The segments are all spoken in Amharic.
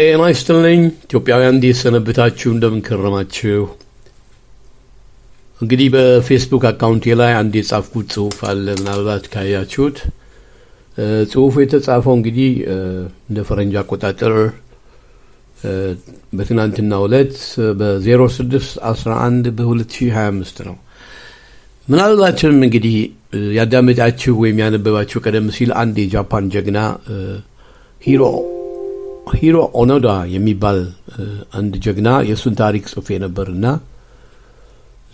ጤና ይስጥልኝ ኢትዮጵያውያን፣ እንዴት ሰነብታችሁ እንደምንከረማችሁ። እንግዲህ በፌስቡክ አካውንቴ ላይ አንድ የጻፍኩት ጽሁፍ አለ። ምናልባት ካያችሁት ጽሁፉ የተጻፈው እንግዲህ እንደ ፈረንጅ አቆጣጠር በትናንትና ሁለት በ0611 በ2025 ነው። ምናልባትም እንግዲህ ያዳመጣችሁ ወይም ያነበባችሁ ቀደም ሲል አንድ የጃፓን ጀግና ሂሮ ሂሮ ኦኖዳ የሚባል አንድ ጀግና የእሱን ታሪክ ጽፌ ነበር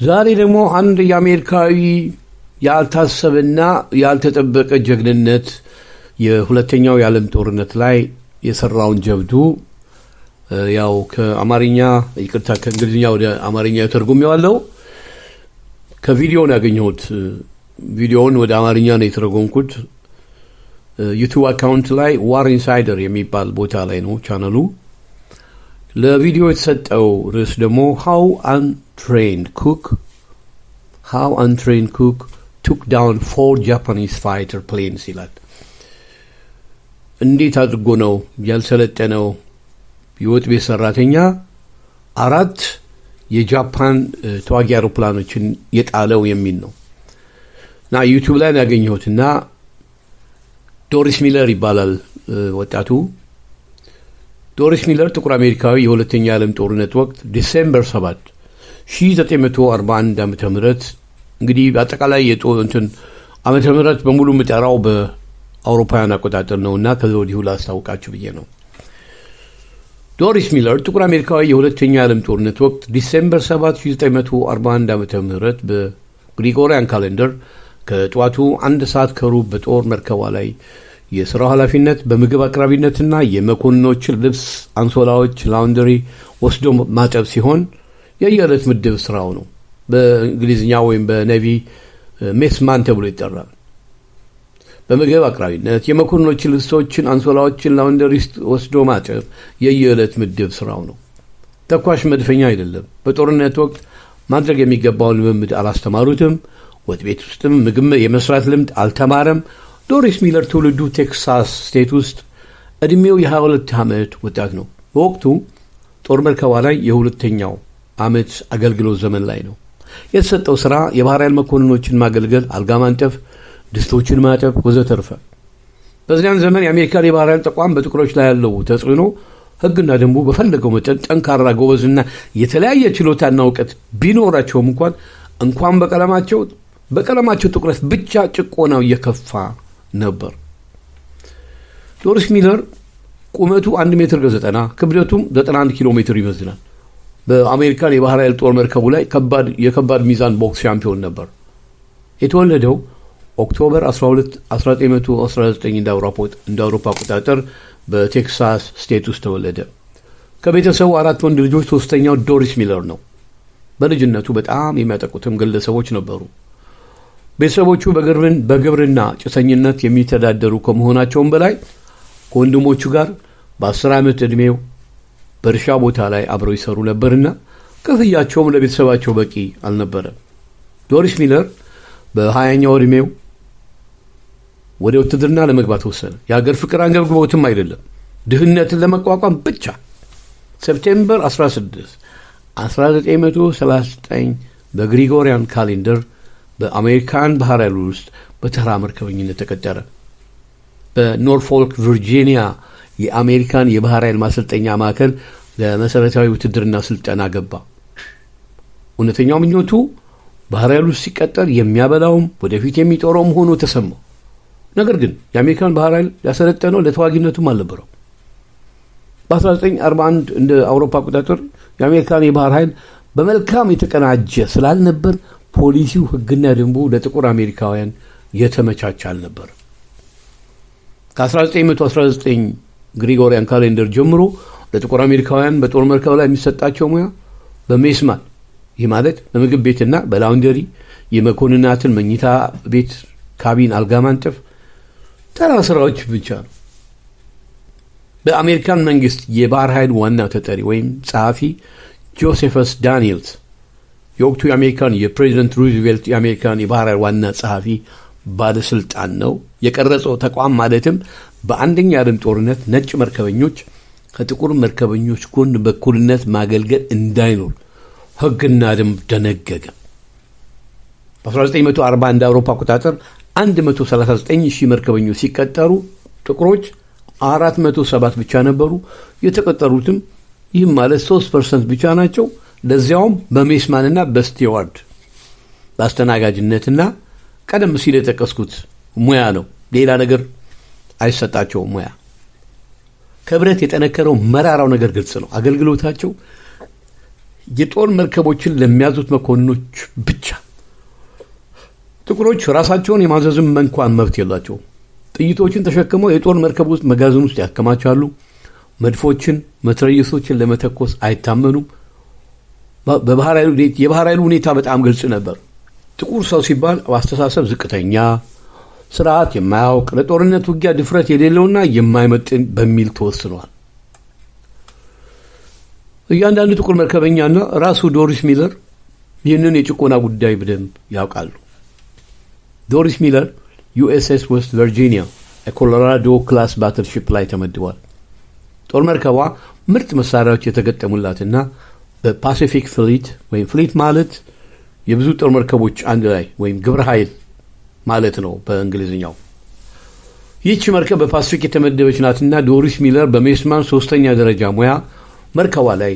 ዛሬ ደግሞ አንድ የአሜሪካዊ ያልታሰበና ያልተጠበቀ ጀግንነት የሁለተኛው የዓለም ጦርነት ላይ የሰራውን ጀብዱ ያው ከአማርኛ ይቅርታ ከእንግሊዝኛ ወደ አማርኛ የተርጉሜዋለሁ። ከቪዲዮን ያገኘሁት ቪዲዮውን ወደ አማርኛ ነው የተረጎምኩት። ዩቱብ uh, አካውንት ላይ ዋር ኢንሳይደር የሚባል ቦታ ላይ ነው ቻናሉ። ለቪዲዮ የተሰጠው ርዕስ ደግሞ ሃው አንትሬንድ ኩክ ሃው አንትሬንድ ኩክ ቱክ ዳውን ፎር ጃፓኒስ ፋይተር ፕሌንስ ይላል። እንዴት አድርጎ ነው ያልሰለጠነው የወጥ ቤት ሰራተኛ አራት የጃፓን ተዋጊ አውሮፕላኖችን የጣለው የሚል ነው እና ዩቱብ ላይ ያገኘሁት እና ዶሪስ ሚለር ይባላል ወጣቱ። ዶሪስ ሚለር ጥቁር አሜሪካዊ የሁለተኛ ዓለም ጦርነት ወቅት ዲሴምበር 7 1941 ዓ ም እንግዲህ አጠቃላይ የጦንትን ዓመተ ምህረት በሙሉ የምጠራው በአውሮፓውያን አቆጣጠር ነው እና ከዚ ወዲሁ ላስታውቃችሁ ብዬ ነው። ዶሪስ ሚለር ጥቁር አሜሪካዊ የሁለተኛ ዓለም ጦርነት ወቅት ዲሴምበር 7 1941 ዓ ም በግሪጎሪያን ካሌንደር ከጠዋቱ አንድ ሰዓት ከሩብ በጦር መርከቧ ላይ የሥራው ኃላፊነት በምግብ አቅራቢነትና የመኮንኖች ልብስ፣ አንሶላዎች፣ ላውንደሪ ወስዶ ማጠብ ሲሆን የየዕለት ምድብ ሥራው ነው። በእንግሊዝኛ ወይም በነቪ ሜስማን ተብሎ ይጠራል። በምግብ አቅራቢነት የመኮንኖች ልብሶችን፣ አንሶላዎችን ላውንደሪ ወስዶ ማጠብ የየዕለት ምድብ ሥራው ነው። ተኳሽ መድፈኛ አይደለም። በጦርነት ወቅት ማድረግ የሚገባውን ልምምድ አላስተማሩትም። ወጥ ቤት ውስጥም ምግብ የመስራት ልምድ አልተማረም። ዶሪስ ሚለር ትውልዱ ቴክሳስ ስቴት ውስጥ ዕድሜው የ22 ዓመት ወጣት ነው። በወቅቱ ጦር መርከቧ ላይ የሁለተኛው ዓመት አገልግሎት ዘመን ላይ ነው። የተሰጠው ሥራ የባህር ኃይል መኮንኖችን ማገልገል፣ አልጋ ማንጠፍ፣ ድስቶችን ማጠብ ወዘተርፈ። በዚያን ዘመን የአሜሪካን የባህር ኃይል ተቋም በጥቁሮች ላይ ያለው ተጽዕኖ ሕግና ደንቡ በፈለገው መጠን ጠንካራ ጎበዝና የተለያየ ችሎታና እውቀት ቢኖራቸውም እንኳን እንኳን በቀለማቸው በቀለማቸው ጥቁረት ብቻ ጭቆናው እየከፋ ነበር። ዶሪስ ሚለር ቁመቱ 1 ሜትር ከ90 ክብደቱም 91 ኪሎ ሜትር ይመዝናል። በአሜሪካን የባህር ኃይል ጦር መርከቡ ላይ የከባድ ሚዛን ቦክስ ሻምፒዮን ነበር። የተወለደው ኦክቶበር 12 1919 እንደ አውሮፓ አቆጣጠር በቴክሳስ ስቴት ውስጥ ተወለደ። ከቤተሰቡ አራት ወንድ ልጆች ሶስተኛው ዶሪስ ሚለር ነው። በልጅነቱ በጣም የሚያጠቁትም ግለሰቦች ነበሩ። ቤተሰቦቹ በግብርና ጭሰኝነት የሚተዳደሩ ከመሆናቸውም በላይ ከወንድሞቹ ጋር በአስር ዓመት ዕድሜው በእርሻ ቦታ ላይ አብረው ይሰሩ ነበርና ክፍያቸውም ለቤተሰባቸው በቂ አልነበረም። ዶሪስ ሚለር በሀያኛው ዕድሜው ወደ ውትድርና ለመግባት ወሰነ። የሀገር ፍቅር አንገብግቦትም አይደለም፣ ድህነትን ለመቋቋም ብቻ። ሴፕቴምበር 16 1939 በግሪጎሪያን ካሌንደር በአሜሪካን ባህር ኃይል ውስጥ በተራ መርከበኝነት ተቀጠረ። በኖርፎልክ ቨርጂኒያ የአሜሪካን የባህር ኃይል ማሰልጠኛ ማዕከል ለመሠረታዊ ውትድርና ስልጠና ገባ። እውነተኛው ምኞቱ ባህር ኃይል ውስጥ ሲቀጠር የሚያበላውም ወደፊት የሚጦረውም ሆኖ ተሰማው። ነገር ግን የአሜሪካን ባህር ኃይል ያሰለጠነው ለተዋጊነቱም አልነበረው። በ1941 እንደ አውሮፓ አቆጣጠር የአሜሪካን የባህር ኃይል በመልካም የተቀናጀ ስላልነበር ፖሊሲው፣ ህግና ደንቡ ለጥቁር አሜሪካውያን የተመቻቸ አልነበር ከ ከ1919 ግሪጎሪያን ካሌንደር ጀምሮ ለጥቁር አሜሪካውያን በጦር መርከብ ላይ የሚሰጣቸው ሙያ በሜስማል ይህ ማለት በምግብ ቤትና በላውንደሪ የመኮንናትን መኝታ ቤት ካቢን አልጋ ማንጠፍ ተራ ስራዎች ብቻ ነው። በአሜሪካን መንግስት የባህር ኃይል ዋና ተጠሪ ወይም ጸሐፊ ጆሴፈስ ዳንኤልስ የወቅቱ የአሜሪካን የፕሬዚደንት ሩዝቬልት የአሜሪካን የባህር ዋና ጸሐፊ ባለስልጣን ነው። የቀረጸው ተቋም ማለትም በአንደኛ ዓለም ጦርነት ነጭ መርከበኞች ከጥቁር መርከበኞች ጎን በኩልነት ማገልገል እንዳይኖር ህግና ደንብ ደነገገ። በ1941 እንደ አውሮፓ አቆጣጠር 139 ሺህ መርከበኞች ሲቀጠሩ ጥቁሮች 407 ብቻ ነበሩ። የተቀጠሩትም ይህም ማለት 3 ፐርሰንት ብቻ ናቸው። ለዚያውም በሜስማንና በስቲዋርድ በአስተናጋጅነትና ቀደም ሲል የጠቀስኩት ሙያ ነው። ሌላ ነገር አይሰጣቸውም ሙያ። ከብረት የጠነከረው መራራው ነገር ግልጽ ነው። አገልግሎታቸው የጦር መርከቦችን ለሚያዙት መኮንኖች ብቻ። ጥቁሮች ራሳቸውን የማዘዝም እንኳን መብት የላቸው ጥይቶችን ተሸክመው የጦር መርከብ ውስጥ መጋዘን ውስጥ ያከማቻሉ። መድፎችን፣ መትረየሶችን ለመተኮስ አይታመኑም። የባህር ኃይሉ ሁኔታ በጣም ግልጽ ነበር። ጥቁር ሰው ሲባል አስተሳሰብ ዝቅተኛ፣ ስርዓት የማያውቅ ለጦርነት ውጊያ ድፍረት የሌለውና የማይመጥን በሚል ተወስኗል። እያንዳንዱ ጥቁር መርከበኛና ራሱ ዶሪስ ሚለር ይህንን የጭቆና ጉዳይ በደንብ ያውቃሉ። ዶሪስ ሚለር ዩኤስኤስ ዌስት ቨርጂኒያ የኮሎራዶ ክላስ ባትልሺፕ ላይ ተመድቧል። ጦር መርከቧ ምርጥ መሳሪያዎች የተገጠሙላትና ፓሲፊክ ፍሊት ወይም ፍሊት ማለት የብዙ ጦር መርከቦች አንድ ላይ ወይም ግብረ ኃይል ማለት ነው በእንግሊዝኛው። ይህች መርከብ በፓሲፊክ የተመደበች ናትና ዶሪስ ሚለር በሜስማን ሶስተኛ ደረጃ ሙያ መርከቧ ላይ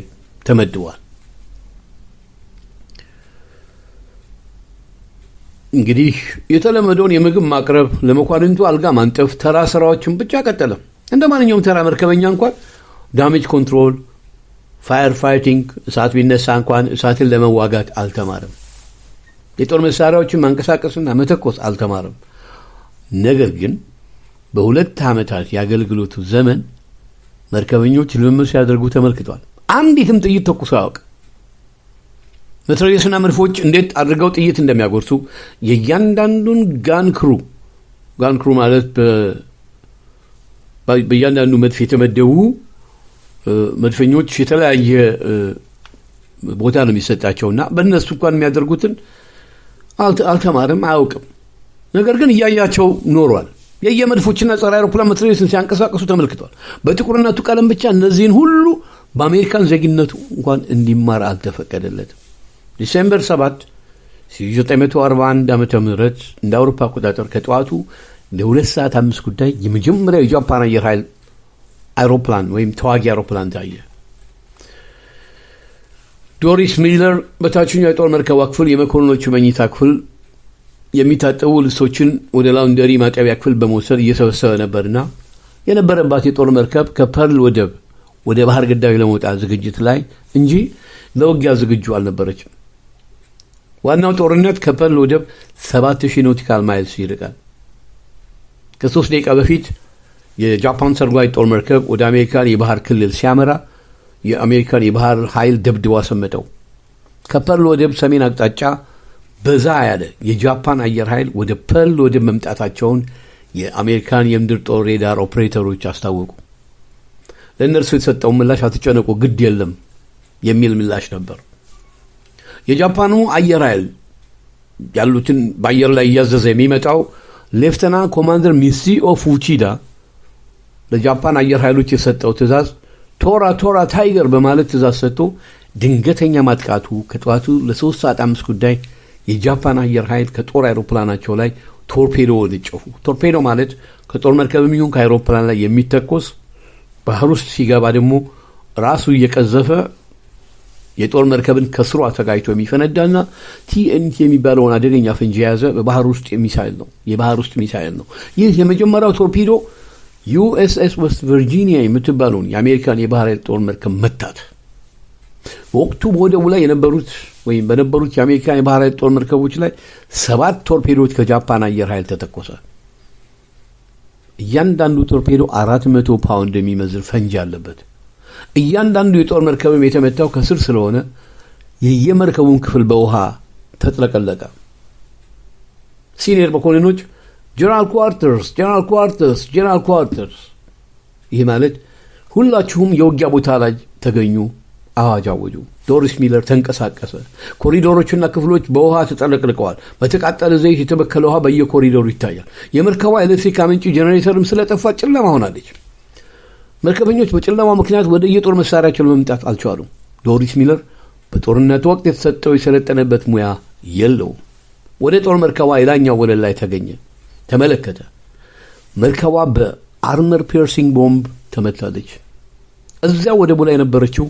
ተመድቧል። እንግዲህ የተለመደውን የምግብ ማቅረብ፣ ለመኳንንቱ አልጋ ማንጠፍ፣ ተራ ስራዎችን ብቻ ቀጠለም። እንደ ማንኛውም ተራ መርከበኛ እንኳን ዳሜጅ ኮንትሮል ፋየር ፋይቲንግ እሳት ቢነሳ እንኳን እሳትን ለመዋጋት አልተማርም የጦር መሳሪያዎችን ማንቀሳቀስና መተኮስ አልተማርም ነገር ግን በሁለት ዓመታት የአገልግሎቱ ዘመን መርከበኞች ልምምድ ሲያደርጉ ተመልክቷል። አንዲትም ጥይት ተኩሶ አያውቅ። መትረየስና መድፎች እንዴት አድርገው ጥይት እንደሚያጎርሱ የእያንዳንዱን ጋንክሩ ጋንክሩ ማለት በእያንዳንዱ መድፍ የተመደቡ መድፈኞች የተለያየ ቦታ ነው የሚሰጣቸውና በእነሱ እንኳን የሚያደርጉትን አልተማርም፣ አያውቅም። ነገር ግን እያያቸው ኖሯል። የየመድፎችና ጸረ አውሮፕላን መትረየስን ሲያንቀሳቀሱ ተመልክቷል። በጥቁርነቱ ቀለም ብቻ እነዚህን ሁሉ በአሜሪካን ዜግነቱ እንኳን እንዲማር አልተፈቀደለትም። ዲሴምበር 7 1941 ዓ ም እንደ አውሮፓ አቆጣጠር ከጠዋቱ ለሁለት ሰዓት አምስት ጉዳይ የመጀመሪያው የጃፓን አየር ኃይል አውሮፕላን ወይም ተዋጊ አውሮፕላን ታየ። ዶሪስ ሚለር በታችኛው የጦር መርከቧ ክፍል የመኮንኖቹ መኝታ ክፍል የሚታጠቡ ልብሶችን ወደ ላውንደሪ ማጠቢያ ክፍል በመውሰድ እየሰበሰበ ነበርና የነበረባት የጦር መርከብ ከፐርል ወደብ ወደ ባህር ግዳዊ ለመውጣት ዝግጅት ላይ እንጂ ለውጊያ ዝግጁ አልነበረችም። ዋናው ጦርነት ከፐርል ወደብ 7000 ኖቲካል ማይልስ ይርቃል። ከሶስት ደቂቃ በፊት የጃፓን ሰርጓጅ ጦር መርከብ ወደ አሜሪካን የባህር ክልል ሲያመራ የአሜሪካን የባህር ኃይል ደብድቦ አሰመጠው። ከፐርል ወደብ ሰሜን አቅጣጫ በዛ ያለ የጃፓን አየር ኃይል ወደ ፐርል ወደብ መምጣታቸውን የአሜሪካን የምድር ጦር ሬዳር ኦፕሬተሮች አስታወቁ። ለእነርሱ የተሰጠው ምላሽ አትጨነቁ፣ ግድ የለም የሚል ምላሽ ነበር። የጃፓኑ አየር ኃይል ያሉትን በአየር ላይ እያዘዘ የሚመጣው ሌፍተና ኮማንደር ሚሲኦ ፉቺዳ ለጃፓን አየር ኃይሎች የሰጠው ትዕዛዝ ቶራ ቶራ ታይገር በማለት ትእዛዝ ሰጥቶ ድንገተኛ ማጥቃቱ ከጠዋቱ ለሶስት ሰዓት አምስት ጉዳይ የጃፓን አየር ኃይል ከጦር አይሮፕላናቸው ላይ ቶርፔዶ ወነጨፉ። ቶርፔዶ ማለት ከጦር መርከብም ይሁን ከአይሮፕላን ላይ የሚተኮስ ባህር ውስጥ ሲገባ ደግሞ ራሱ እየቀዘፈ የጦር መርከብን ከስሩ አተጋጅቶ የሚፈነዳና ቲኤንቲ የሚባለውን አደገኛ ፈንጂ የያዘ በባህር ውስጥ ሚሳይል ነው የባህር ውስጥ ሚሳይል ነው። ይህ የመጀመሪያው ቶርፔዶ ዩኤስኤስ ዌስት ቨርጂኒያ የምትባለውን የአሜሪካን የባህር ኃይል ጦር መርከብ መታት። በወቅቱ በወደቡ ላይ የነበሩት ወይም በነበሩት የአሜሪካን የባህር ኃይል ጦር መርከቦች ላይ ሰባት ቶርፔዶዎች ከጃፓን አየር ኃይል ተተኮሰ። እያንዳንዱ ቶርፔዶ አራት መቶ ፓውንድ የሚመዝን ፈንጂ አለበት። እያንዳንዱ የጦር መርከብም የተመታው ከስር ስለሆነ የየመርከቡን ክፍል በውሃ ተጥለቀለቀ። ሲኒየር መኮንኖች ጀነራል ኳርተርስ ጀነራል ኳርተርስ ጀነራል ኳርተርስ። ይህ ማለት ሁላችሁም የውጊያ ቦታ ላይ ተገኙ፣ አዋጅ አወጁ። ዶሪስ ሚለር ተንቀሳቀሰ። ኮሪዶሮችና ክፍሎች በውሃ ተጠለቅልቀዋል። በተቃጠለ ዘይት የተበከለ ውሃ በየኮሪዶሩ ይታያል። የመርከቧ ኤሌክትሪክ አመንጭ ጀኔሬተርም ስለጠፋ ጨለማ ሆናለች። መርከበኞች በጨለማ ምክንያት ወደ የጦር መሳሪያቸው ለመምጣት አልቻሉም። ዶሪስ ሚለር በጦርነት ወቅት የተሰጠው የሰለጠነበት ሙያ የለውም። ወደ ጦር መርከቧ የላኛው ወለል ላይ ተገኘ። ተመለከተ። መርከቧ በአርመር ፒርሲንግ ቦምብ ተመታለች። እዚያ ወደቡ ላይ የነበረችው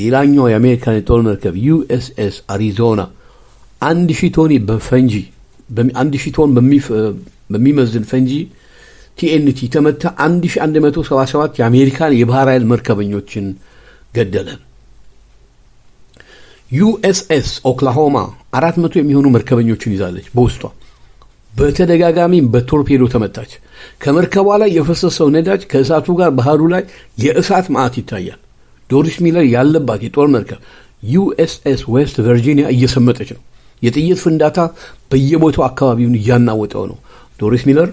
ሌላኛው የአሜሪካን የጦር መርከብ ዩኤስኤስ አሪዞና አንድ ሺህ ቶን በፈንጂ አንድ ሺህ ቶን በሚመዝን ፈንጂ ቲኤንቲ ተመታ። 1177 የአሜሪካን የባህር ኃይል መርከበኞችን ገደለ። ዩኤስኤስ ኦክላሆማ 400 የሚሆኑ መርከበኞችን ይዛለች በውስጧ በተደጋጋሚ በቶርፔዶ ተመታች። ከመርከቧ ላይ የፈሰሰው ነዳጅ ከእሳቱ ጋር ባህሩ ላይ የእሳት መዓት ይታያል። ዶሪስ ሚለር ያለባት የጦር መርከብ ዩኤስኤስ ዌስት ቨርጂኒያ እየሰመጠች ነው። የጥይት ፍንዳታ በየቦታው አካባቢውን እያናወጠው ነው። ዶሪስ ሚለር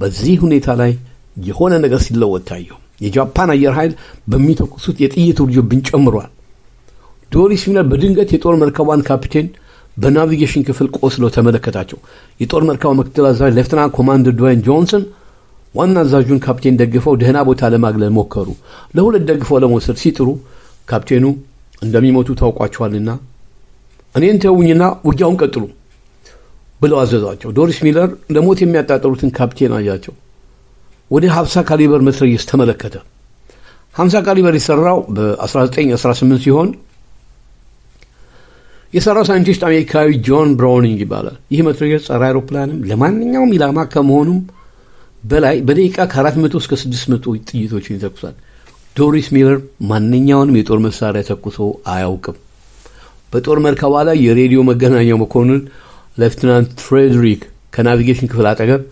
በዚህ ሁኔታ ላይ የሆነ ነገር ሲለወጥ ታየው። የጃፓን አየር ኃይል በሚተኩሱት የጥይት ውርጅብኝ ጨምሯል። ዶሪስ ሚለር በድንገት የጦር መርከቧን ካፒቴን በናቪጌሽን ክፍል ቆስለው ተመለከታቸው። የጦር መርከብ ምክትል አዛዥ ሌፍትናንት ኮማንደር ድዋይን ጆንሰን ዋና አዛዡን ካፕቴን ደግፈው ደህና ቦታ ለማግለል ሞከሩ። ለሁለት ደግፈው ለመውሰድ ሲጥሩ ካፕቴኑ እንደሚሞቱ ታውቋቸዋልና እኔን ተውኝና ውጊያውን ቀጥሉ ብለው አዘዟቸው። ዶሪስ ሚለር ለሞት የሚያጣጠሩትን ካፕቴን አያቸው። ወደ 50 ካሊበር መትረየስ ተመለከተ። 50 ካሊበር የተሰራው በ1918 ሲሆን የሰራው ሳይንቲስት አሜሪካዊ ጆን ብራውኒንግ ይባላል። ይህ መትረየስ ጸረ አይሮፕላንም ለማንኛውም ኢላማ ከመሆኑም በላይ በደቂቃ ከ400 እስከ 600 ጥይቶችን ይተኩሳል። ዶሪስ ሚለር ማንኛውንም የጦር መሳሪያ ተኩሶ አያውቅም። በጦር መርከቧ ላይ የሬዲዮ መገናኛ መኮንን ሌፍትናንት ፍሬድሪክ ከናቪጌሽን ክፍል አጠገብ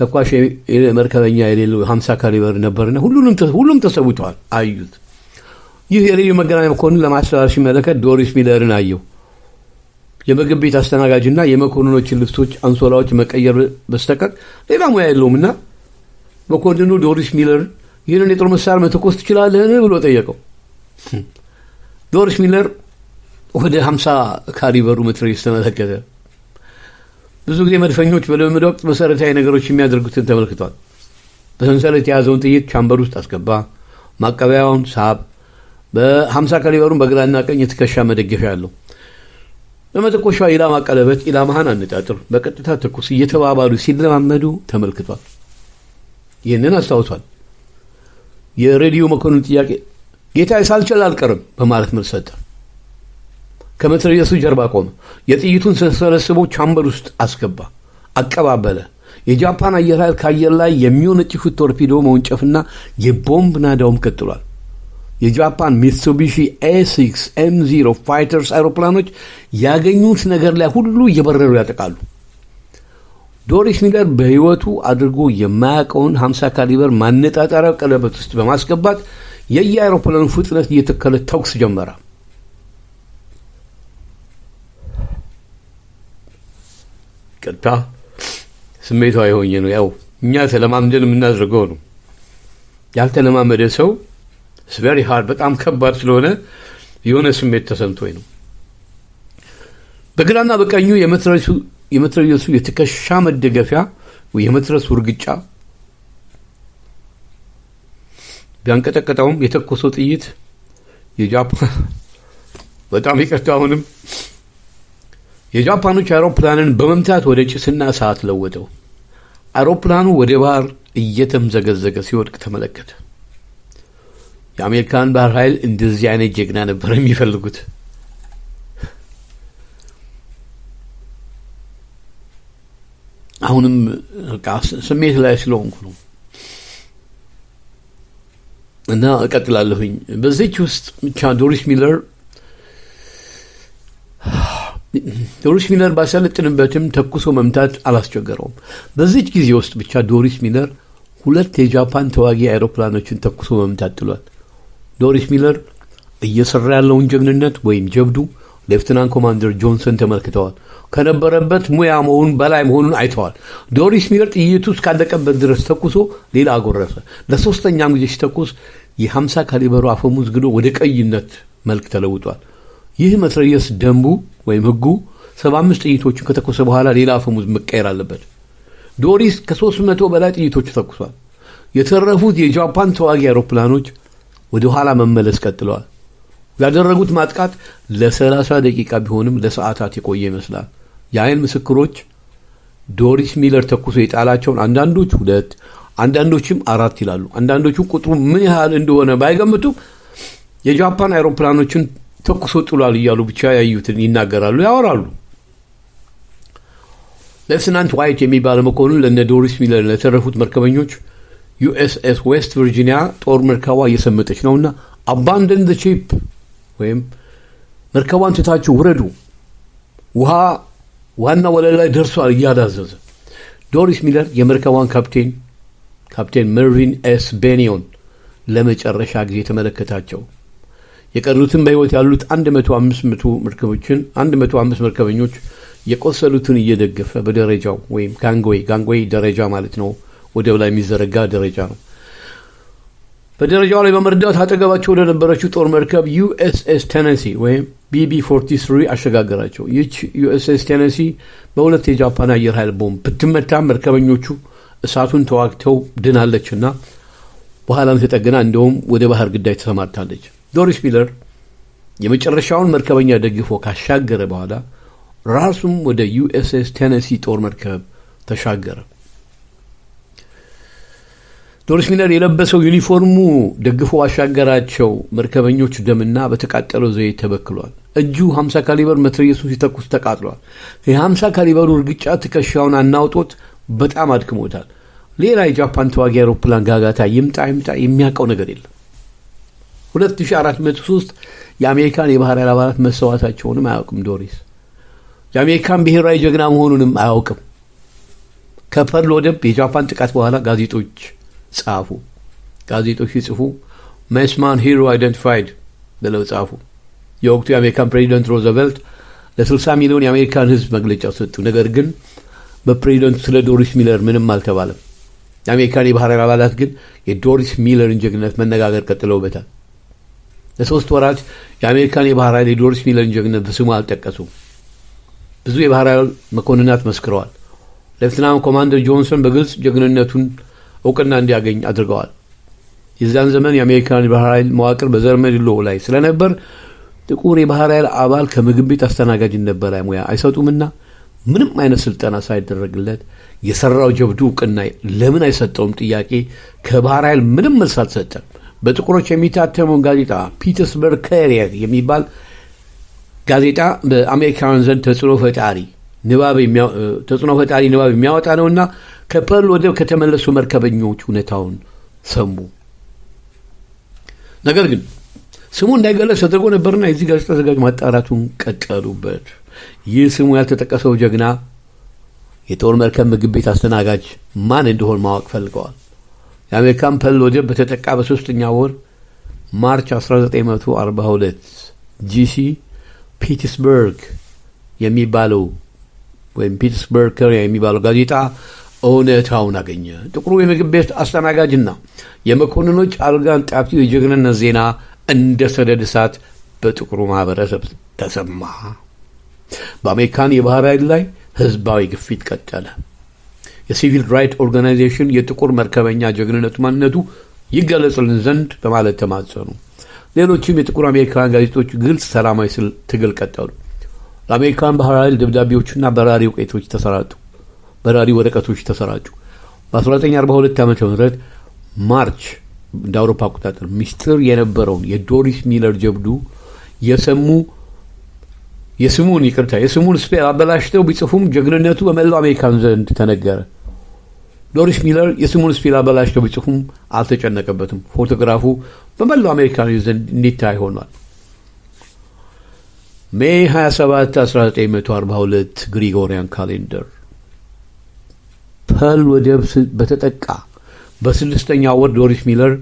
ተኳሽ መርከበኛ የሌለው 50 ካሊበር ነበርና ሁሉም ተሰውተዋል አዩት። ይህ የሬዲዮ መገናኛ መኮንን ለማስተላለፍ ሲመለከት ዶሪስ ሚለርን አየው። የምግብ ቤት አስተናጋጅና የመኮንኖችን ልብሶች፣ አንሶላዎች መቀየር በስተቀር ሌላ ሙያ የለውምና መኮንኑ ዶሪስ ሚለር ይህንን የጦር መሳሪያ መተኮስ ትችላለህን ብሎ ጠየቀው። ዶሪስ ሚለር ወደ ሀምሳ ካሊበሩ መትረየስ ተመለከተ። ብዙ ጊዜ መድፈኞች በልምምድ ወቅት መሰረታዊ ነገሮች የሚያደርጉትን ተመልክቷል። በሰንሰለት የያዘውን ጥይት ቻምበር ውስጥ አስገባ፣ ማቀበያውን ሳብ በሀምሳ ካሊበሩን በግራና ቀኝ የትከሻ መደገፊያ አለው። በመተኮሻ ኢላማ ቀለበት ኢላማህን አነጣጥር በቀጥታ ትኩስ እየተባባሉ ሲለማመዱ ተመልክቷል። ይህንን አስታውሷል። የሬዲዮ መኮንን ጥያቄ ጌታ ሳልችል አልቀርም በማለት መልስ ሰጠ። ከመትረየሱ ጀርባ ቆመ። የጥይቱን ሰለስቦ ቻምበር ውስጥ አስገባ፣ አቀባበለ። የጃፓን አየር ኃይል ከአየር ላይ የሚወነጭፉት ቶርፒዶ መወንጨፍና የቦምብ ናዳውም ቀጥሏል። የጃፓን ሚትሱቢሺ ኤሲክስ ኤም ዚሮ ፋይተርስ አውሮፕላኖች ያገኙት ነገር ላይ ሁሉ እየበረሩ ያጠቃሉ። ዶሪስ ሚለር በሕይወቱ አድርጎ የማያውቀውን 50 ካሊበር ማነጣጠሪያ ቀለበት ውስጥ በማስገባት የየአውሮፕላኑ ፍጥነት እየተከለ ተኩስ ጀመረ። ቅጣ ስሜቷ የሆኘ ነው። ያው እኛ ተለማምደን የምናደርገው ነው። ያልተለማመደ ሰው ቨሪ ሃርድ በጣም ከባድ ስለሆነ የሆነ ስሜት ተሰምቶኝ ነው። በግራና በቀኙ የመትረየሱ የትከሻ መደገፊያ የመትረሱ እርግጫ ቢያንቀጠቀጠውም የተኮሰው ጥይት የጃፓን በጣም ይቅርታ አሁንም የጃፓኖች አውሮፕላንን በመምታት ወደ ጭስና እሳት ለወጠው። አውሮፕላኑ ወደ ባህር እየተምዘገዘገ ሲወድቅ ተመለከተ። የአሜሪካን ባህር ኃይል እንደዚህ አይነት ጀግና ነበር የሚፈልጉት። አሁንም ስሜት ላይ ስለሆንኩ ነው እና እቀጥላለሁኝ። በዚች ውስጥ ብቻ ዶሪስ ሚለር ዶሪስ ሚለር ባሰለጥንበትም ተኩሶ መምታት አላስቸገረውም። በዚች ጊዜ ውስጥ ብቻ ዶሪስ ሚለር ሁለት የጃፓን ተዋጊ አይሮፕላኖችን ተኩሶ መምታት ጥሏል። ዶሪስ ሚለር እየሰራ ያለውን ጀግንነት ወይም ጀብዱ ሌፍትናንት ኮማንደር ጆንሰን ተመልክተዋል። ከነበረበት ሙያ መሆኑን በላይ መሆኑን አይተዋል። ዶሪስ ሚለር ጥይቱ እስካለቀበት ድረስ ተኩሶ ሌላ አጎረፈ ለሶስተኛም ጊዜ ሲተኩስ የሀምሳ ካሊበሩ አፈሙዝ ግዶ ወደ ቀይነት መልክ ተለውጧል። ይህ መትረየስ ደንቡ ወይም ህጉ 75 ጥይቶችን ከተኮሰ በኋላ ሌላ አፈሙዝ መቀየር አለበት። ዶሪስ ከ300 በላይ ጥይቶች ተኩሷል። የተረፉት የጃፓን ተዋጊ አውሮፕላኖች ወደ ኋላ መመለስ ቀጥለዋል። ያደረጉት ማጥቃት ለሰላሳ ደቂቃ ቢሆንም ለሰዓታት የቆየ ይመስላል። የአይን ምስክሮች ዶሪስ ሚለር ተኩሶ የጣላቸውን አንዳንዶች ሁለት አንዳንዶችም አራት ይላሉ። አንዳንዶቹ ቁጥሩ ምን ያህል እንደሆነ ባይገምቱ የጃፓን አይሮፕላኖችን ተኩሶ ጥሏል እያሉ ብቻ ያዩትን ይናገራሉ፣ ያወራሉ። ለስናንት ዋይት የሚባለ መኮንን ለነ ዶሪስ ሚለር ለተረፉት መርከበኞች ዩኤስኤስ ዌስት ቨርጂኒያ ጦር መርከቧ እየሰመጠች ነውና አባንደን ዘ ቺፕ ወይም መርከቧን ትታችሁ ውረዱ፣ ውሃ ዋና ወለል ላይ ደርሷል እያዳዘዘ ዶሪስ ሚለር የመርከቧን ካፕቴን ካፕቴን መርቪን ኤስ ቤኒዮን ለመጨረሻ ጊዜ ተመለከታቸው። የቀሩትን በሕይወት ያሉት 15 መርከበኞች የቆሰሉትን እየደገፈ በደረጃው ወይም ጋንጎይ ጋንጎይ ደረጃ ማለት ነው ወደብ ላይ የሚዘረጋ ደረጃ ነው። በደረጃው ላይ በመርዳት አጠገባቸው ወደነበረችው ጦር መርከብ ዩኤስኤስ ቴነሲ ወይም ቢቢ 43 አሸጋገራቸው። ይች ዩኤስኤስ ቴነሲ በሁለት የጃፓን አየር ኃይል ቦምብ ብትመታ መርከበኞቹ እሳቱን ተዋግተው ድናለችና በኋላም ተጠግና እንደውም ወደ ባህር ግዳይ ተሰማርታለች። ዶሪስ ሚለር የመጨረሻውን መርከበኛ ደግፎ ካሻገረ በኋላ ራሱም ወደ ዩኤስኤስ ቴነሲ ጦር መርከብ ተሻገረ። ዶሪስ ሚለር የለበሰው ዩኒፎርሙ ደግፎ ባሻገራቸው መርከበኞች ደምና በተቃጠለው ዘይት ተበክሏል። እጁ 50 ካሊበር መትረየሱ ሲተኩስ ተቃጥሏል። የ50 ካሊበሩ እርግጫ ትከሻውን አናውጦት በጣም አድክሞታል። ሌላ የጃፓን ተዋጊ አውሮፕላን ጋጋታ ይምጣ ይምጣ የሚያውቀው ነገር የለም። 2403 የአሜሪካን የባህር ኃይል አባላት መሰዋታቸውንም አያውቅም። ዶሪስ የአሜሪካን ብሔራዊ ጀግና መሆኑንም አያውቅም። ከፐርል ወደብ የጃፓን ጥቃት በኋላ ጋዜጦች ጻፉ። ጋዜጦች ሲጽፉ መስማን ሂሮ አይደንቲፋይድ ብለው ጻፉ። የወቅቱ የአሜሪካን ፕሬዚደንት ሮዘቨልት ለ60 ሚሊዮን የአሜሪካን ሕዝብ መግለጫ ሰጡ። ነገር ግን በፕሬዚደንቱ ስለ ዶሪስ ሚለር ምንም አልተባለም። የአሜሪካን የባህር አባላት ግን የዶሪስ ሚለርን ጀግንነት መነጋገር ቀጥለውበታል። ለሶስት ወራት የአሜሪካን የባህር ኃይል የዶሪስ ሚለርን ጀግነት በስሙ አልጠቀሱም። ብዙ የባህር ኃይል መኮንናት መስክረዋል። ሌፍትናንት ኮማንደር ጆንሰን በግልጽ ጀግንነቱን እውቅና እንዲያገኝ አድርገዋል። የዚያን ዘመን የአሜሪካን የባህር ኃይል መዋቅር በዘርመድሎ ላይ ስለነበር ጥቁር የባህር ኃይል አባል ከምግብ ቤት አስተናጋጅ ነበር ሙያ አይሰጡምና ምንም አይነት ስልጠና ሳይደረግለት የሰራው ጀብዱ እውቅና ለምን አይሰጠውም ጥያቄ ከባህር ኃይል ምንም መልስ አልሰጠም። በጥቁሮች የሚታተመውን ጋዜጣ ፒተርስበርግ ካሪየር የሚባል ጋዜጣ በአሜሪካውያን ዘንድ ተጽዕኖ ፈጣሪ ንባብ የሚያወጣ ነውና ከፐርል ወደብ ከተመለሱ መርከበኞች ሁኔታውን ሰሙ። ነገር ግን ስሙ እንዳይገለጽ ተደርጎ ነበርና የዚህ ጋዜጣ አዘጋጅ ማጣራቱን ቀጠሉበት። ይህ ስሙ ያልተጠቀሰው ጀግና የጦር መርከብ ምግብ ቤት አስተናጋጅ ማን እንደሆን ማወቅ ፈልገዋል። የአሜሪካን ፐርል ወደብ በተጠቃ በሶስተኛ ወር ማርች 1942 ጂሲ ፒትስበርግ የሚባለው ወይም ፒትስበርግ የሚባለው ጋዜጣ እውነታውን አገኘ። ጥቁሩ የምግብ ቤት አስተናጋጅና የመኮንኖች አልጋ ጣፊው የጀግንነት ዜና እንደ ሰደድ እሳት በጥቁሩ ማህበረሰብ ተሰማ። በአሜሪካን የባህር ኃይል ላይ ህዝባዊ ግፊት ቀጠለ። የሲቪል ራይት ኦርጋናይዜሽን የጥቁር መርከበኛ ጀግንነቱ ማንነቱ ይገለጽልን ዘንድ በማለት ተማጸኑ። ሌሎችም የጥቁር አሜሪካን ጋዜጦች ግልጽ ሰላማዊ ትግል ቀጠሉ። ለአሜሪካን ባህር ኃይል ደብዳቤዎችና በራሪ ውቄቶች ተሰራጡ። በራሪ ወረቀቶች ተሰራጩ። በ1942 ዓ ም ማርች እንደ አውሮፓ አቆጣጠር ሚስጥር የነበረውን የዶሪስ ሚለር ጀብዱ የሰሙ የስሙን ይቅርታ የስሙን ስፔ አበላሽተው ቢጽፉም ጀግንነቱ በመላው አሜሪካን ዘንድ ተነገረ። ዶሪስ ሚለር የስሙን ስፔል አበላሽተው ቢጽፉም አልተጨነቀበትም። ፎቶግራፉ በመላው አሜሪካን ዘንድ እንዲታይ ሆኗል። ሜይ 27 1942 ግሪጎሪያን ካሌንደር ፐርል ወደብ በተጠቃ በስድስተኛ ወር ዶሪስ ሚለር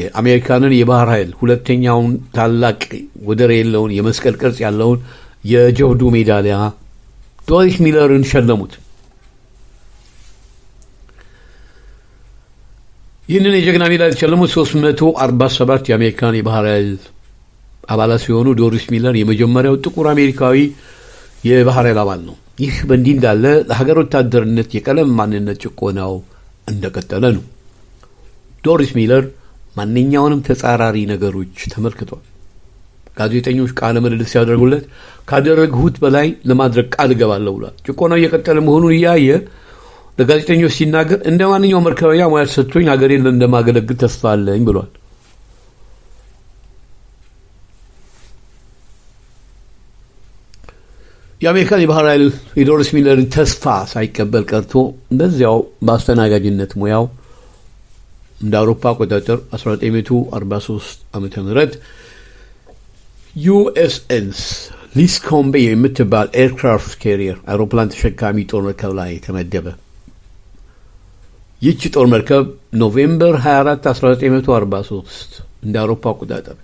የአሜሪካንን የባህር ኃይል ሁለተኛውን ታላቅ ወደር የለውን የመስቀል ቅርጽ ያለውን የጀብዱ ሜዳሊያ ዶሪስ ሚለርን ሸለሙት። ይህንን የጀግና ሜዳ የተሸለሙት 347 የአሜሪካን የባህር ኃይል አባላት ሲሆኑ ዶሪስ ሚለር የመጀመሪያው ጥቁር አሜሪካዊ የባህር ኃይል አባል ነው። ይህ በእንዲህ እንዳለ ለሀገር ወታደርነት የቀለም ማንነት ጭቆናው እንደቀጠለ ነው። ዶሪስ ሚለር ማንኛውንም ተጻራሪ ነገሮች ተመልክቷል። ጋዜጠኞች ቃለ ምልልስ ሲያደርጉለት ካደረግሁት በላይ ለማድረግ ቃል እገባለሁ ብሏል። ጭቆናው እየቀጠለ መሆኑን እያየ ለጋዜጠኞች ሲናገር እንደ ማንኛውም መርከበኛ ሙያ ተሰጥቶኝ ሀገሬን እንደማገለግል ተስፋ አለኝ ብሏል። የአሜሪካን የባህር ኃይል የዶሪስ ሚለርን ተስፋ ሳይቀበል ቀርቶ በዚያው በአስተናጋጅነት ሙያው እንደ አውሮፓ አቆጣጠር 1943 ዓ ም ዩኤስኤንስ ሊስኮምቤ የምትባል ኤርክራፍት ካሪየር አውሮፕላን ተሸካሚ ጦር መርከብ ላይ ተመደበ። ይቺ ጦር መርከብ ኖቬምበር 24 1943 እንደ አውሮፓ አቆጣጠር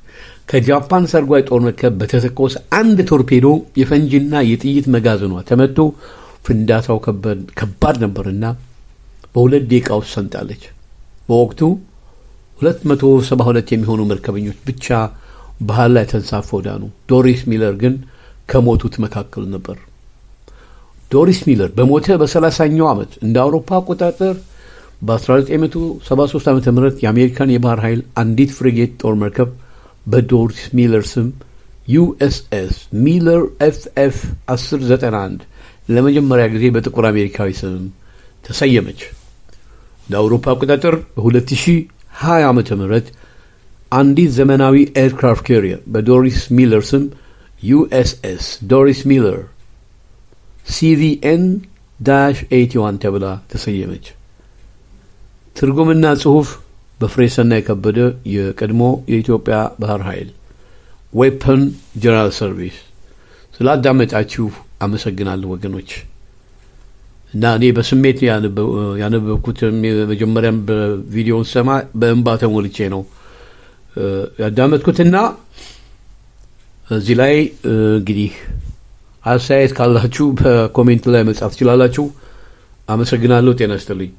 ከጃፓን ሰርጓጅ ጦር መርከብ በተተኮሰ አንድ ቶርፔዶ የፈንጂና የጥይት መጋዘኗ ተመቶ ፍንዳታው ከባድ ነበርና በሁለት ደቂቃ ውስጥ ሰምጣለች። በወቅቱ 272 የሚሆኑ መርከበኞች ብቻ ባህር ላይ ተንሳፈው ዳኑ። ዶሪስ ሚለር ግን ከሞቱት መካከል ነበር። ዶሪስ ሚለር በሞተ በሰላ0ኛው ዓመት እንደ አውሮፓ አቆጣጠር በ1973 ዓ ም የአሜሪካን የባህር ኃይል አንዲት ፍሪጌት ጦር መርከብ በዶሪስ ሚለር ስም ዩኤስኤስ ሚለር ኤፍኤፍ 1091 ለመጀመሪያ ጊዜ በጥቁር አሜሪካዊ ስም ተሰየመች። ለአውሮፓ አቆጣጠር በ2020 ዓ ም አንዲት ዘመናዊ ኤርክራፍት ካሪየር በዶሪስ ሚለር ስም ዩኤስኤስ ዶሪስ ሚለር ሲቪኤን ዳሽ 81 ተብላ ተሰየመች። ትርጉምና ጽሑፍ በፍሬሰና የከበደ የቀድሞ የኢትዮጵያ ባህር ኃይል ዌፐን ጀነራል ሰርቪስ ስላዳመጣችሁ አመሰግናለሁ ወገኖች። እና እኔ በስሜት ያነበብኩት መጀመሪያም በቪዲዮውን ሰማ በእንባ ተሞልቼ ነው ያዳመጥኩትና እዚህ ላይ እንግዲህ አስተያየት ካላችሁ በኮሜንት ላይ መጻፍ ትችላላችሁ። አመሰግናለሁ። ጤና ይስጥልኝ።